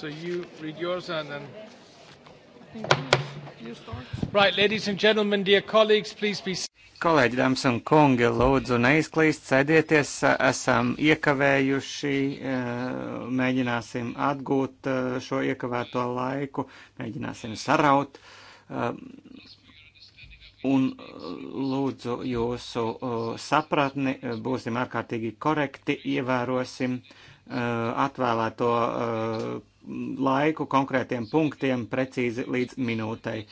So you read yours and then. Right, ladies and gentlemen, dear colleagues, please be. Kolēģi, dāmas un kungi, lūdzu, neizklīst, sēdieties, esam iekavējuši, e, mēģināsim atgūt e, šo iekavēto laiku, mēģināsim saraut. E, un lūdzu jūsu sapratni, būsim ārkārtīgi korekti, ievērosim atvēlēto laiku konkrētiem punktiem precīzi līdz minūtei.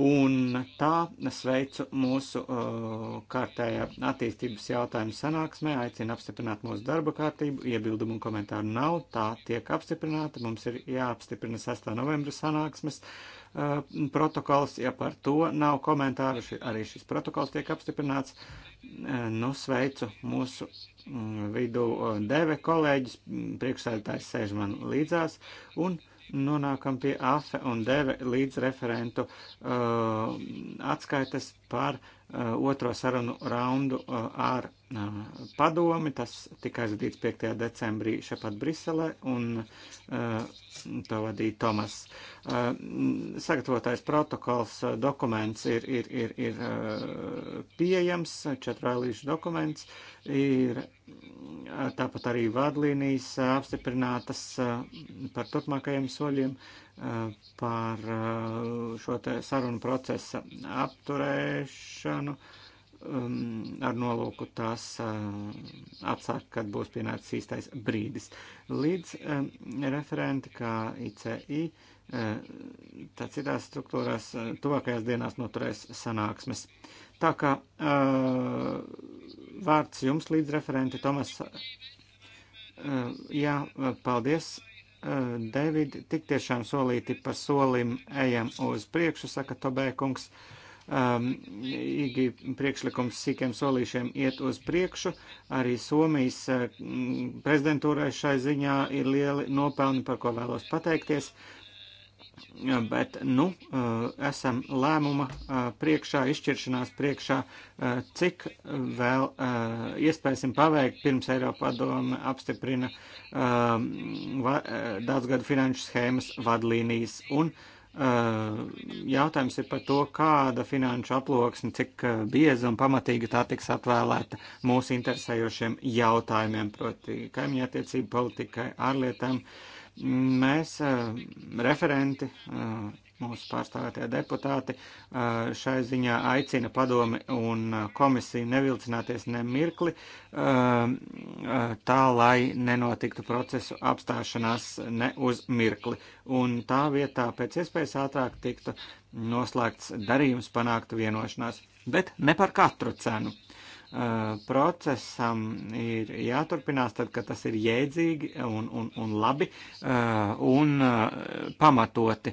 Un tā es veicu mūsu uh, kārtējā attīstības jautājumu sanāksmē, aicinu apstiprināt mūsu darba kārtību, iebildumu un komentāru nav, tā tiek apstiprināta, mums ir jāapstiprina 6. novembra sanāksmes uh, protokols, ja par to nav komentāru, ši, arī šis protokols tiek apstiprināts. Uh, Eh, nu, sveicu mūsu mm, vidū eh, deve kolēģis, priekšsēdētājs sēž man līdzās, un nonākam pie AFE un deve līdz referentu uh, eh, atskaites par uh, otro sarunu raundu uh, ar padomi, tas tika aizvadīts 5. decembrī šepat Briselē, un to vadīja Tomas. Sagatavotais protokols dokuments ir, ir, ir, ir pieejams, četrēlīšu dokuments, ir tāpat arī vadlīnijas apstiprinātas par turpmākajiem soļiem, par šo te sarunu procesa apturēšanu. Uh, um, ar nolūku tās uh, atsākt, kad būs pienācis īstais brīdis. Līdz um, referenti kā ICI, uh, tā citās struktūrās, uh, tuvākajās dienās noturēs sanāksmes. Tā kā uh, vārds jums līdz referenti, Tomas. Uh, jā, paldies. Uh, David, tik tiešām solīti pa solim ejam uz priekšu, saka Tobē kungs. Uh, um,īgi priekšlikums sīkiem solīšiem iet uz priekšu. Arī Somijas uh, prezidentūrai šai ziņā ir lieli nopelni, par ko vēlos pateikties. Uh, bet, nu, uh, esam lēmuma uh, priekšā, izšķiršanās priekšā, cik vēl iespēsim paveikt pirms Eiropa padome apstiprina um, daudzgadu finanšu schēmas vadlīnijas un uh, Eh, jautājums ir par to, kāda finanšu aploksne, cik eh, bieza un pamatīga tā tiks atvēlēta mūsu interesējošiem jautājumiem, proti kaimiņa attiecību politikai, ārlietām. Mēs eh, referenti mūsu pārstāvētie deputāti eh, šai ziņā aicina padomi un eh, komisiju nevilcināties ne mirkli, eh, tā lai nenotiktu procesu apstāšanās ne uz mirkli. Un tā vietā pēc iespējas ātrāk tiktu noslēgts darījums, panāktu vienošanās, bet ne par katru cenu procesam ir jāturpinās, tad, kad tas ir jēdzīgi un, un, un labi un pamatoti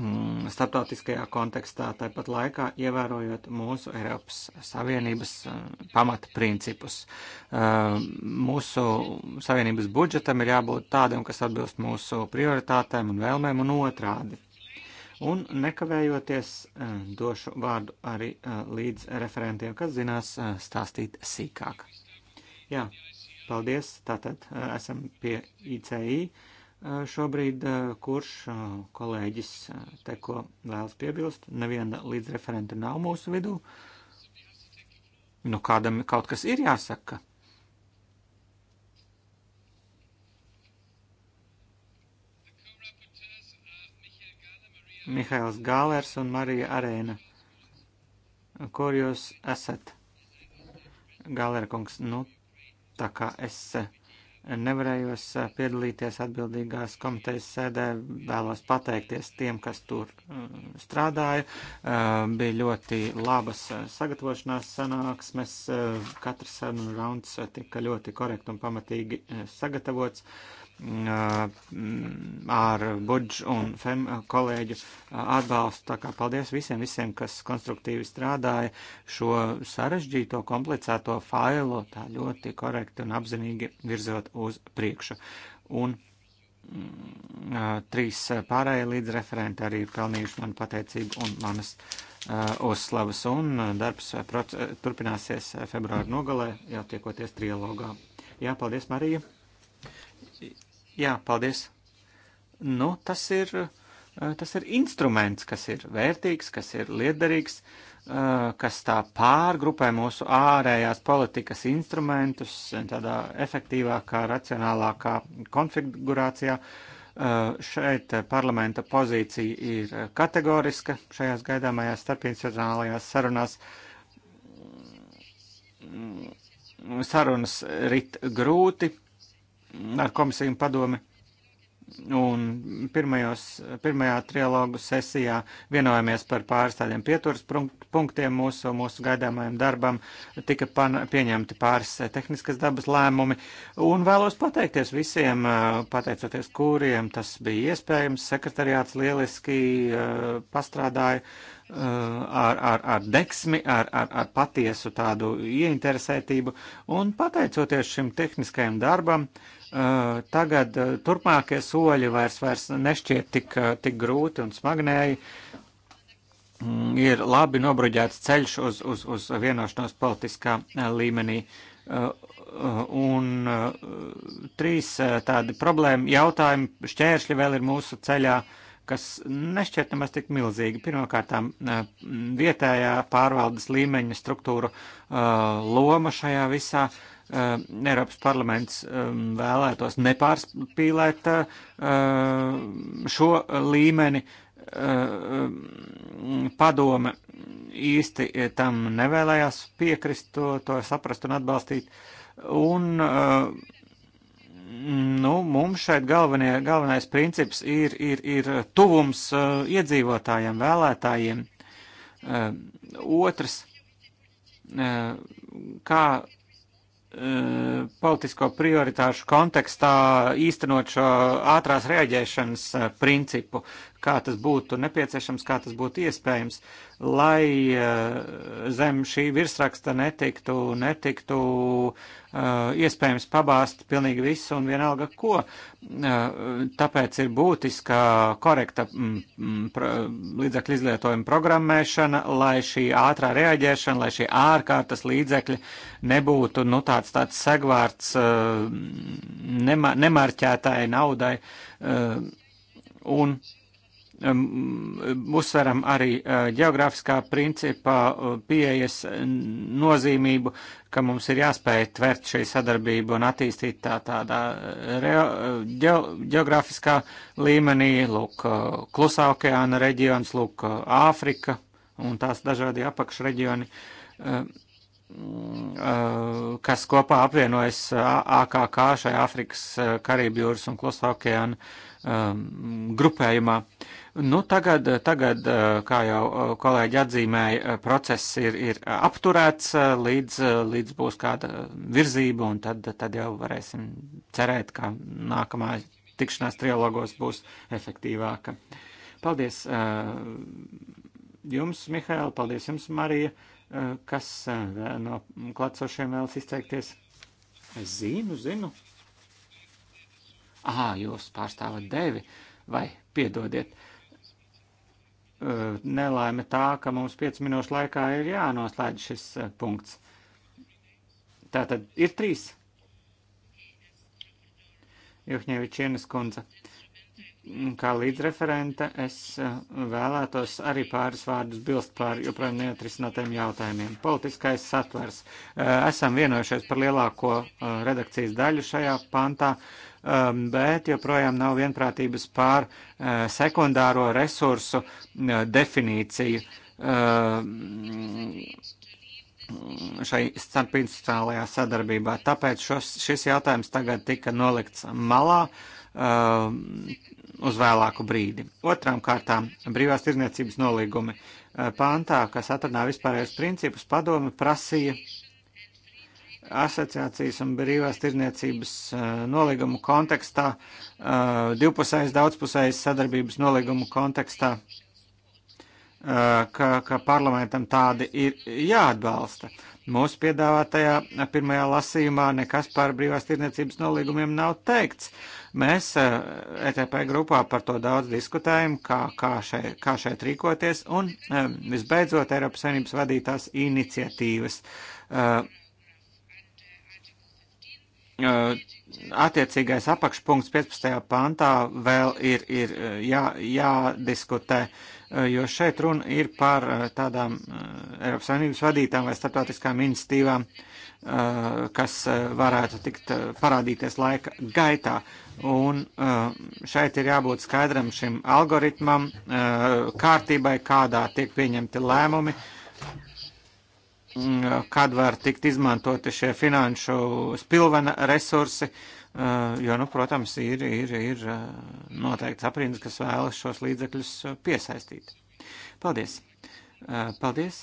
mm, starptautiskajā kontekstā, tāpat laikā ievērojot mūsu Eiropas Savienības mm, eh, pamata principus. Mm, eh, mūsu Savienības budžetam ir jābūt tādam, kas atbilst mūsu prioritātēm un vēlmēm un otrādi. Un nekavējoties eh, došu vārdu arī līdz referentiem, kas zinās stāstīt sīkāk. Jā, paldies. Tātad esam pie ICI. Uh, Eh, šobrīd, eh, kurš eh, kolēģis te ko vēlas piebilst. Neviena līdzreferenta nav mūsu vidū. Nu, kādam kaut kas ir jāsaka. Mihails Gālērs un Marija Arēna. Kur jūs esat? Gālēra kungs, nu, tā kā es. Uh, nevarējos eh, piedalīties atbildīgās komitejas sēdē. Vēlos pateikties tiem, kas tur eh, strādāja. Eh, bija ļoti labas sagatavošanās sanāksmes. Katrs sarunu rauns tika ļoti korekti un pamatīgi sagatavots. Uh, Mm, ar budž un fem kolēģu atbalstu. Tā kā paldies visiem, visiem, kas konstruktīvi strādāja šo sarežģīto, komplicēto failu tā ļoti korekti un apzinīgi virzot uz priekšu. Un mm, trīs pārējie līdzreferenti arī ir pelnījuši manu pateicību un manas uzslavas, un darbs turpināsies februāra nogalē, jau tiekoties trilogā. Jā, paldies, Marija! Jā, paldies. Nu, tas ir, eh, tas ir instruments, kas ir vērtīgs, kas ir liederīgs, eh, kas tā pārgrupē mūsu ārējās politikas instrumentus tādā efektīvākā, racionālākā konfigurācijā. Eh, šeit parlamenta pozīcija ir kategoriska šajās gaidāmajās starpinstitucionālajās sarunās mm, sarunas rit grūti, ar komisiju un padomi. Un pirmajos, pirmajā trialogu sesijā vienojāmies par pāris tādiem pieturas punktiem mūsu, mūsu gaidāmajam darbam, tika pan, pieņemti pāris tehniskas dabas lēmumi. Un vēlos pateikties visiem, pateicoties kuriem tas bija iespējams. Sekretariāts lieliski pastrādāja ar, ar, ar deksmi, ar, ar, ar patiesu tādu ieinteresētību. Un pateicoties šim tehniskajam darbam, uh, Eh, tagad eh, turpmākie soļi vairs, vairs nešķiet tik, eh, tik grūti un smagnēji. Mm, ir labi nobruģēts ceļš uz, uz, uz vienošanos politiskā līmenī. Un trīs tādi problēma jautājumi šķēršļi vēl ir mūsu ceļā, kas nešķiet nemaz tik milzīgi. Pirmkārtām vietējā pārvaldes līmeņa struktūra loma šajā visā. Uh, Ehm, Eiropas parlaments ehm, vēlētos nepārspīlēt ehm, šo līmeni. Padome īsti tam nevēlējās piekrist, to, to saprast un atbalstīt. Un nu, mums šeit galvenie, galvenais princips ir, ir, ir tuvums uh, iedzīvotājiem, vēlētājiem. Uh, otrs, uh, kā Eh, politisko prioritāšu kontekstā īstenot šo ātrās reaģēšanas eh, principu, kā tas būtu nepieciešams, kā tas būtu iespējams, lai eh, zem šī virsraksta netiktu, netiktu iespējams pabāst pilnīgi visu un vienalga ko. Tāpēc ir būtiska korekta mm, mm, līdzekļu izlietojuma programmēšana, lai šī ātrā reaģēšana, lai šie ārkārtas līdzekļi nebūtu, nu, tāds kāds tāds segvārds nema, uh, nemārķētāji naudai. Uh, un um, uzsveram arī uh, geogrāfiskā principā pieejas nozīmību, ka mums ir jāspēj tvert šī sadarbība un attīstīt tā tādā reo, ge, geogrāfiskā līmenī, lūk, klusā okeāna reģions, lūk, Āfrika un tās dažādi apakšreģioni. Uh, Mm, eh, kas kopā apvienojas eh, AKK šai Afrikas, eh, Karību jūras un Klusa okeāna um, grupējumā. Nu, tagad, tagad, kā jau kolēģi atzīmēja, process ir, ir apturēts, līdz, līdz būs kāda virzība, un tad, tad jau varēsim cerēt, ka nākamā tikšanās trialogos būs efektīvāka. Paldies jums, Mihail, paldies jums, Marija. Kas eh, no klātsošiem vēlas izteikties? Es zinu, zinu. Ā, jūs pārstāvat devi, vai piedodiet. Eh, nelaime tā, ka mums 5 minūšu laikā ir jānoslēdz šis eh, punkts. Tātad ir trīs. Juhņevičienes kundze. Uh, kā līdzreferente es eh, vēlētos arī pāris vārdus bilst par joprojām neatrisinātiem jautājumiem. Politiskais satvers. Eh, esam vienojušies par lielāko eh, redakcijas daļu šajā pantā, ehm, bet joprojām nav vienprātības pār sekundāro resursu definīciju ehm, šai starpinstitucionālajā sadarbībā. Tāpēc šos, šis jautājums tagad tika nolikts malā ehm, uz vēlāku brīdi. Otrām kārtām brīvās tirniecības nolīgumi eh, pāntā, kas atrunā vispārējos principus, padomi prasīja asociācijas un brīvās tirniecības eh, nolīgumu kontekstā, eh, divpusējas, daudzpusējas sadarbības nolīgumu kontekstā Eh, ka, ka parlamentam tādi ir jāatbalsta. Mūsu piedāvātajā pirmajā lasījumā nekas par brīvās tirniecības nolīgumiem nav teikts. Mēs ETP eh, e grupā par to daudz diskutējam, kā, kā, šeit, kā šeit rīkoties, un eh, visbeidzot Eiropas Savienības vadītās iniciatīvas. Attiecīgais apakšpunkts 15. pantā vēl ir, ir jā, jādiskutē. Uh, Eh, jo šeit runa ir par eh, tādām eh, Eiropas Savienības vadītām vai starptautiskām institīvām, kas varētu tikt parādīties laika gaitā. Un šeit ir jābūt skaidram šim algoritmam, kārtībai, kādā tiek pieņemti lēmumi, mm, kad var tikt izmantoti šie finanšu spilvena resursi Eh, jo, nu, protams, ir, ir, ir eh, noteikts aprindas, kas vēlas šos līdzekļus eh, piesaistīt. Paldies! Paldies!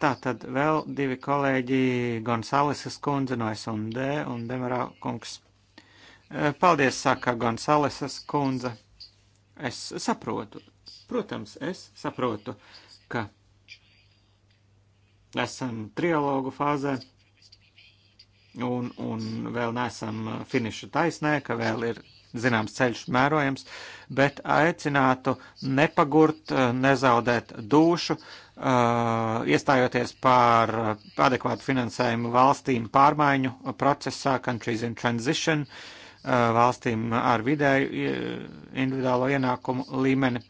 Tā tad vēl divi kolēģi Gonsalesas kundze no S&D un Demarā kungs. Paldies, saka Gonsalesas kundze. Es saprotu. Protams, es saprotu, ka esam trialogu fāzē un, un vēl neesam finiša taisnē, ka vēl ir zināms ceļš mērojams, bet aicinātu nepagurt, nezaudēt dušu, uh, iestājoties par adekvātu finansējumu valstīm pārmaiņu procesā, countries in transition, uh, valstīm ar vidēju individuālo ienākumu līmeni.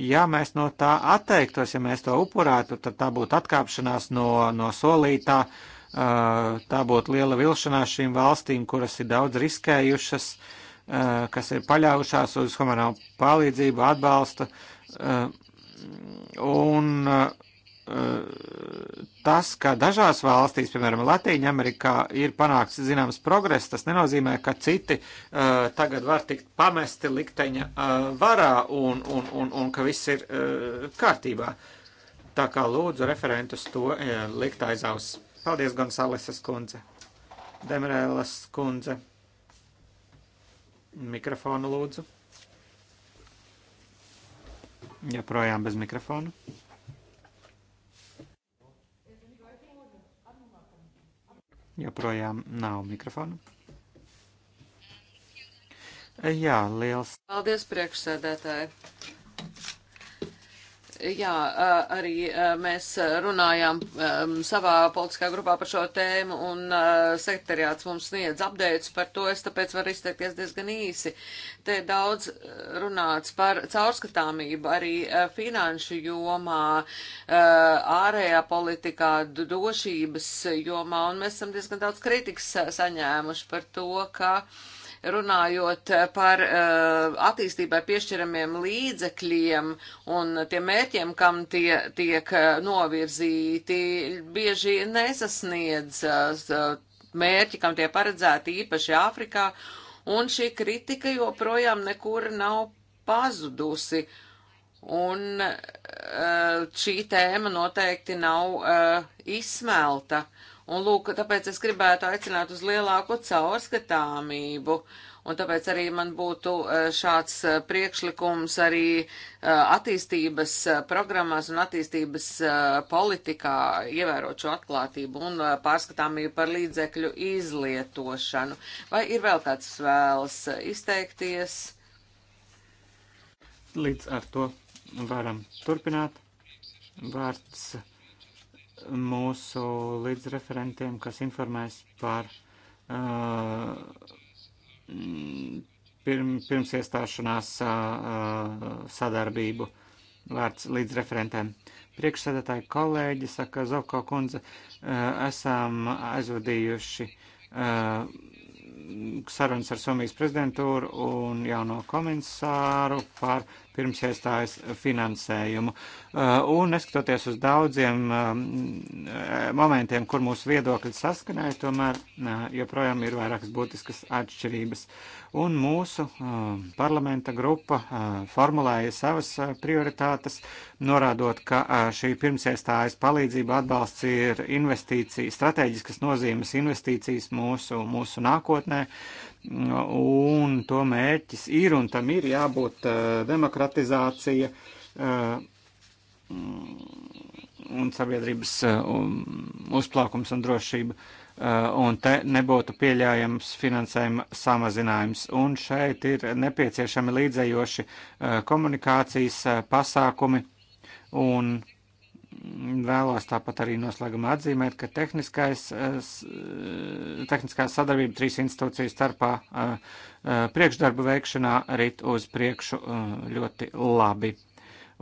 Ja mēs no tā atteiktos, ja mēs to upurētu, tad tā būtu atkāpšanās no, no solītā uh, Tā būtu liela vilšanās šīm valstīm, kuras ir daudz riskējušas, kas ir paļaujušās uz humanālu palīdzību, atbalsta. Un tas, ka dažās valstīs, piemēram, Latīņa Amerikā, ir panākts zināms progress, tas nenozīmē, ka citi uh, tagad var tikt pamesti likteņa uh, varā un, un, un, un ka viss ir uh, kārtībā. Tā kā lūdzu referentus to uh, likt aiz auss. Paldies, Gonsalesas kundze. Demirēlas kundze. Mikrofonu lūdzu. Joprojām bez mikrofona. Joprojām nav mikrofona. Jā, liels. Paldies, priekšsēdētāji jā, arī mēs runājām savā politiskā grupā par šo tēmu, un sekretariāts mums sniedz apdēļus par to, es tāpēc varu izteikties diezgan īsi. Te daudz runāts par caurskatāmību arī finanšu jomā, ārējā politikā, drošības jomā, un mēs esam diezgan daudz kritikas saņēmuši par to, ka. Uh, runājot par uh, attīstībai piešķiramiem līdzekļiem un tiem mērķiem, kam tie tiek eh, novirzīti, bieži nesasniedz uh, mērķi, kam tie paredzēti īpaši Āfrikā, un šī kritika joprojām nekur nav pazudusi. Un uh, šī tēma noteikti nav uh, izsmelta. Uh, Un lūk, tāpēc es gribētu aicināt uz lielāku caurskatāmību. Un tāpēc arī man būtu e, šāds e, priekšlikums arī e, attīstības programmās un attīstības politikā ievērot šo atklātību un pārskatāmību par līdzekļu izlietošanu. Vai ir vēl kāds vēlas izteikties? Līdz ar to varam turpināt. Vārds mūsu līdzreferentiem, kas informēs par uh, pirm, pirms iestāšanās uh, sadarbību vērts līdzreferentēm. Priekšsēdētāji kolēģi, saka Zovko kundze, uh, esam aizvadījuši uh, sarunas ar Somijas prezidentūru un jauno komisāru par pirms iestājas finansējumu. Uh, un neskatoties uz daudziem um, eh, momentiem, kur mūsu viedokļi saskanēja, tomēr uh, joprojām ir vairākas būtiskas atšķirības un mūsu uh, parlamenta grupa uh, formulēja savas uh, prioritātes, norādot, ka šī pirmsiestājas palīdzība atbalsts ir investīcijas, strateģiskas nozīmes investīcijas mūsu, mūsu nākotnē, un to mērķis ir, un tam ir jābūt demokratizācija un sabiedrības uzplaukums un drošība. Eh, un te nebūtu pieļaujams finansējuma samazinājums. Un šeit ir nepieciešami līdzējoši eh, komunikācijas eh, pasākumi, un vēlos tāpat arī noslēgumā atzīmēt, ka tehniskā sadarbība trīs institūciju starpā priekšdarbu veikšanā rit uz priekšu ļoti labi.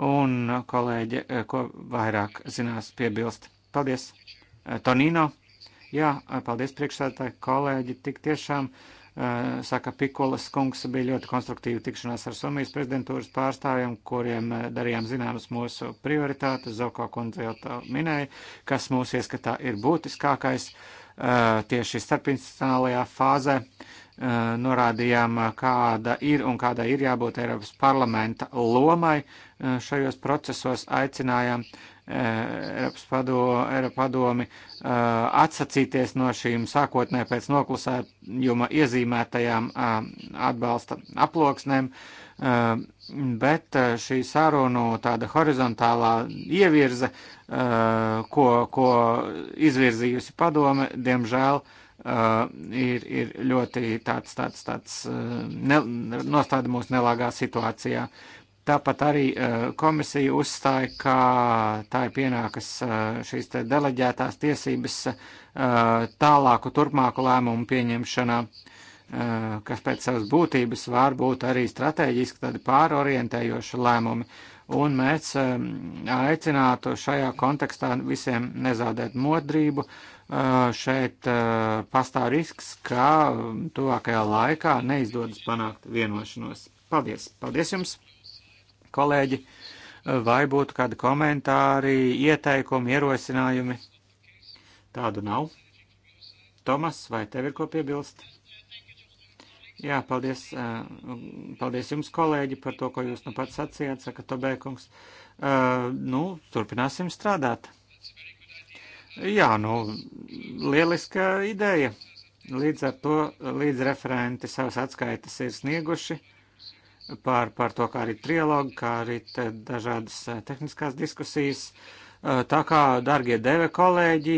Un kolēģi, ko vairāk zinās, piebilst. Paldies! Tonino! Jā, paldies priekšsētāji kolēģi, tik tiešām. Eh, saka, Pikolas kungs bija ļoti konstruktīva tikšanās ar Somijas prezidentūras pārstāvjiem, kuriem eh, darījām zināmas mūsu prioritātes. Zauko kundze jau tā minēja, kas mūsu ieskatā ir būtiskākais eh, tieši starpinstitucionālajā fāzē norādījām, kāda ir un kāda ir jābūt Eiropas parlamenta lomai šajos procesos, aicinājām Eiropas pado, Eiropa padomi atsacīties no šīm sākotnē pēc noklusējuma iezīmētajām atbalsta aploksnēm, bet šī sarunu tāda horizontālā ievirze, ko, ko izvirzījusi padome, diemžēl ir, ir ļoti tāds, tāds, tāds ne, nostāda mūs nelāgā situācijā. Uh, Tāpat arī eh, komisija uzstāja, ka tā ir pienākas eh, šīs te deleģētās tiesības eh, tālāku turpmāku lēmumu pieņemšanā, kas pēc savas būtības var būt arī strateģiski tādi pārorientējoši lēmumi. Un mēs aicinātu šajā kontekstā visiem nezaudēt modrību, šeit uh, pastāv risks, ka tuvākajā laikā neizdodas panākt vienošanos. Paldies! Paldies jums! kolēģi, vai būtu kādi komentāri, ieteikumi, ierosinājumi? Tādu nav. Tomas, vai tev ir ko piebilst? Jā, paldies, eh, paldies jums, kolēģi, par to, ko jūs nu pats sacījāt, saka Tobēkungs. Eh, nu, turpināsim strādāt. Jā, nu, lieliska ideja. Līdz ar to, līdz referenti savas atskaitas ir snieguši par, par to, kā arī trilogu, kā arī te dažādas eh, tehniskās diskusijas. Eh, tā kā, dargie deve kolēģi,